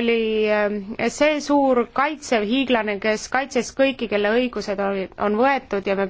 oli ähm, see suur kaitsev hiiglane, kes kaitses kõiki, kelle õigused olid, on võetud ja me